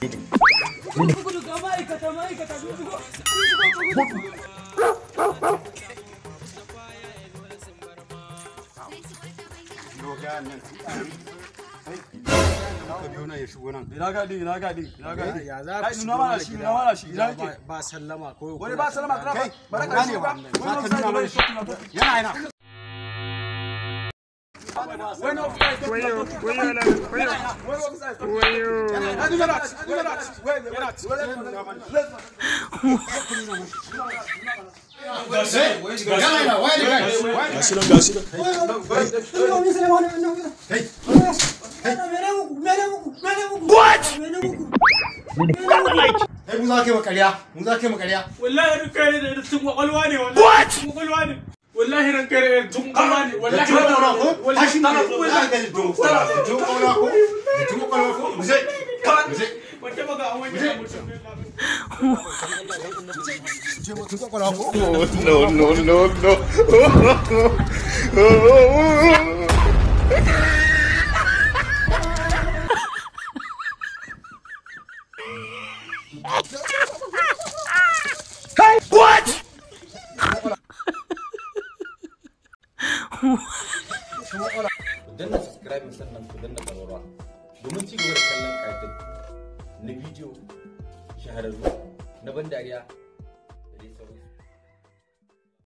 ba sallama wani ba sallama kana ba ba ka shi Bueno, bueno, bueno, bueno, bueno. What? Ai mu za ka yi makariya, mu za ka yi makariya. Wallahi ran kare da tun kwakwalwa ne wallahi. What? Kwakwalwa ne. Wallahi ran kare da tun kwakwalwa ne wallahi. Tun kwakwalwa ko? Wallahi tun kwakwalwa ko? Tun kwakwalwa ko? No, no, no, no. Hey! What? Then subscribe and send them to the domin ci gaba da kallon kafin na bidiyo shahararru na ban dariya